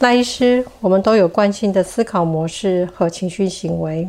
賴醫師，我們都有慣性的思考模式和情緒行為，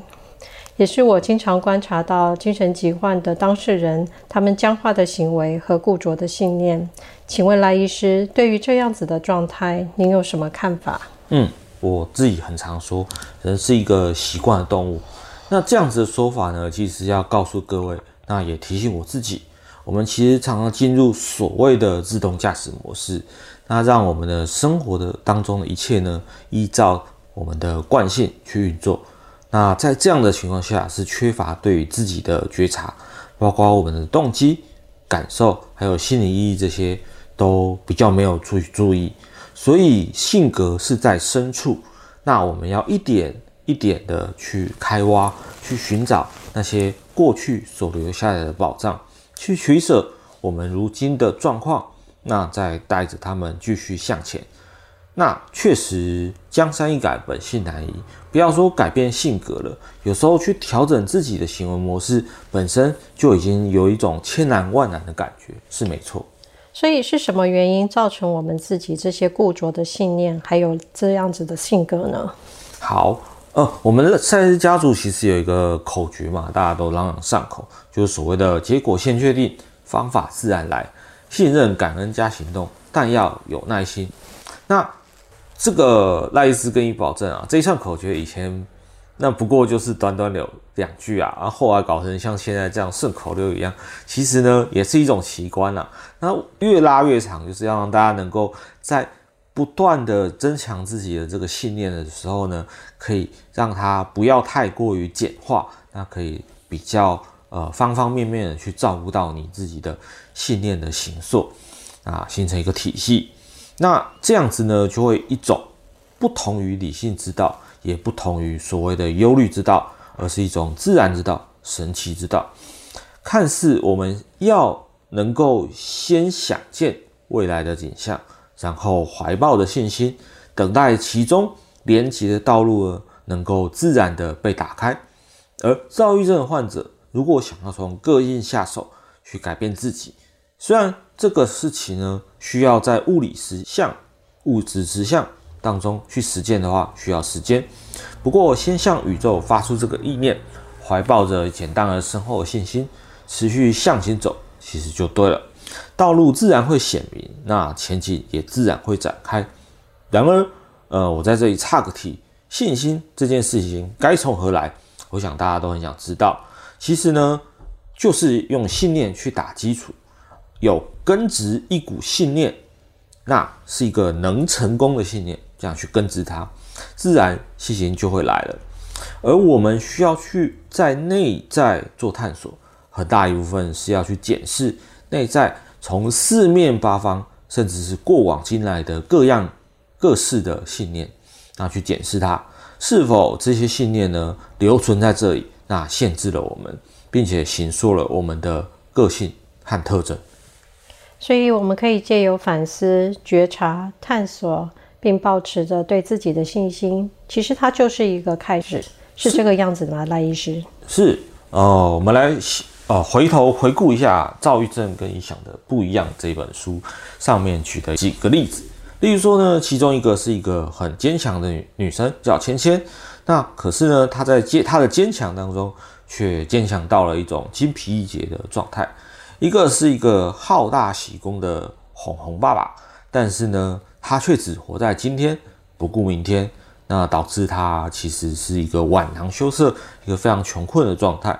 也是我經常觀察到精神疾患的當事人，他們僵化的行為和固着的信念。請問賴醫師，對於這樣子的狀態，您有什麼看法？嗯，我自己很常說，人是一個習慣的動物。那這樣子的說法呢，其實要告訴各位，那也提醒我自己。我們其實常常進入所謂的自動駕駛模式，那讓我們的生活的當中的一切呢，依照我們的慣性去運作。那在這樣的情況下，是缺乏對於自己的覺察，包括我們的動機、感受，還有心理意義這些，都比較沒有注注意。所以性格是在深處，那我們要一點一點的去開挖，去尋找那些過去所留下來的寶藏，去取舍我們如今的狀況，那再帶着他們繼續向前。那確實，江山易改，本性難移。不要說改變性格了，有時候去調整自己的行為模式，本身就已經有一種千難萬難的感覺，是沒錯。所以是什麼原因造成我們自己這些固着的信念，還有這樣子的性格呢？好。哦、呃，我們的賽斯家族其實有一個口訣嘛，大家都朗朗上口，就是所謂的“結果先確定，方法自然來，信任、感恩加行動，但要有耐心”那。那這個賴醫師跟你保證啊，這一串口訣以前那不過就是短短兩兩句啊，然後後來搞成像現在這樣順口溜一樣，其實呢也是一種奇觀啦、啊。那越拉越長，就是要讓大家能夠在。不斷的增強自己的這個信念的時候呢，可以讓它不要太過於簡化，那可以比較呃方方面面的去照顧到你自己的信念的形塑啊，形成一個體系。那這樣子呢，就會一種不同於理性之道，也不同於所謂的憂慮之道，而是一種自然之道、神奇之道。看似我們要能夠先想見未來的景象。然後懷抱的信心，等待其中連接的道路呢能夠自然的被打開。而躁鬱症的患者如果想要從個性下手去改變自己，雖然這個事情呢需要在物理實相、物質實相當中去實踐的話，需要時間。不過先向宇宙發出這個意念，懷抱着簡單而深厚的信心，持續向前走，其實就對了。道路自然會顯明，那前景也自然會展開。然而，呃，我在這裡岔個題，信心這件事情該從何來？我想大家都很想知道。其實呢，就是用信念去打基礎，有根植一股信念，那是一個能成功的信念，這樣去根植它，自然信心就會來了。而我們需要去在內在做探索，很大一部分是要去檢視。內在從四面八方，甚至是過往近來的各樣各式的信念，那去檢視它，是否這些信念呢留存在這裡，那限制了我們，並且形塑了我們的個性和特徵。所以我們可以借由反思、覺察、探索，並保持着對自己的信心，其實它就是一個開始，是這個樣子嗎，賴醫師？是哦，我們來。呃，回頭回顧一下，躁鬱症跟你想的不一樣。這本書上面舉的幾個例子，例如說呢，其中一個是一個很堅強的女女生，叫芊芊。那可是呢，她在堅她的堅強當中，卻堅強到了一種精疲力竭的狀態。一個是一個好大喜功的哄哄爸爸，但是呢，她卻只活在今天，不顧明天，那導致她其實是一個阮囊羞澀，一個非常窮困的狀態。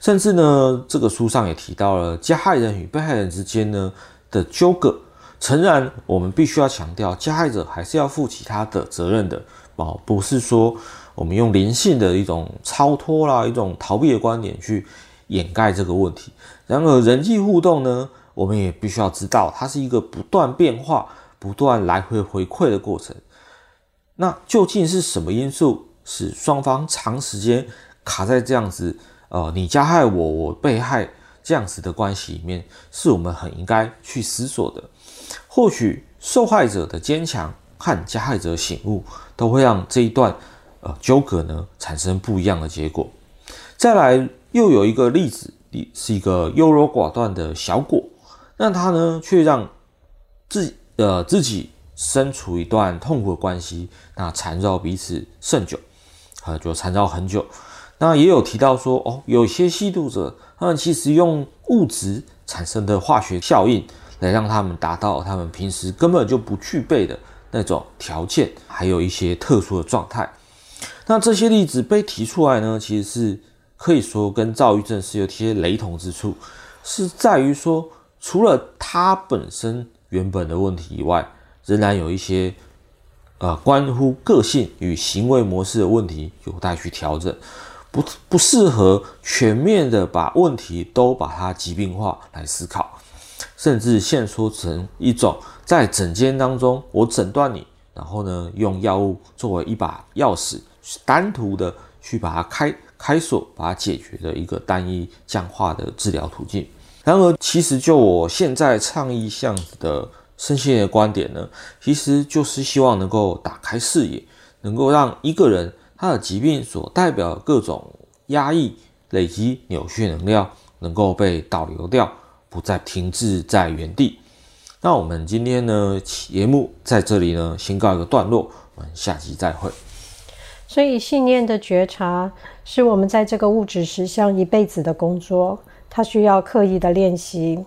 甚至呢，這個書上也提到了加害人與被害人之間呢的糾葛。誠然，我們必須要強調，加害者還是要負其他的責任的哦，不是說我們用靈性的一種超脫啦、一種逃避的觀點去掩蓋這個問題。然而，人際互動呢，我們也必須要知道，它是一個不斷變化、不斷來回回饋的過程。那究竟是什麼因素使雙方長時間卡在這樣子？呃，你加害我，我被害，這樣子的關係裡面，是我們很應該去思索的。或許受害者的堅強和加害者醒悟，都會讓這一段呃糾葛呢產生不一樣的結果。再來，又有一個例子，是一個優柔寡斷的小果，那他呢卻讓自呃自己身處一段痛苦的關係，那纏繞彼此甚久，呃，就纏繞很久。那也有提到說，哦，有些吸毒者，他們其實用物質產生的化學效應，來讓他們達到他們平時根本就不具備的那種條件，還有一些特殊的狀態。那這些例子被提出來呢，其實是可以說跟躁鬱症是有些雷同之處，是在於說，除了他本身原本的問題以外，仍然有一些，呃，關乎個性與行為模式的問題有待去調整。不不適合全面的把問題都把它疾病化來思考，甚至限縮成一種在診間當中，我診斷你，然後呢，用藥物作為一把鑰匙，單獨的去把它開開鎖，把它解決的一個單一僵化的治療途徑。然而，其實就我現在倡議這樣的身心的觀點呢，其實就是希望能夠打開視野，能夠讓一個人，他的疾病所代表的各種壓抑、累積、扭曲能量，能夠被導流掉，不再停滯在原地。那我們今天呢節目在這裡呢，先告一個段落，我們下集再會。所以，信念的覺察是我們在這個物質實相一輩子的工作，它需要刻意的練習，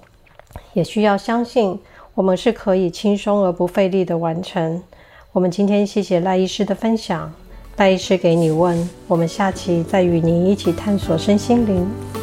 也需要相信我們是可以輕鬆而不費力的完成。我們今天謝謝賴醫師的分享。賴醫師給你問，我們下期再與您一起探索身心靈。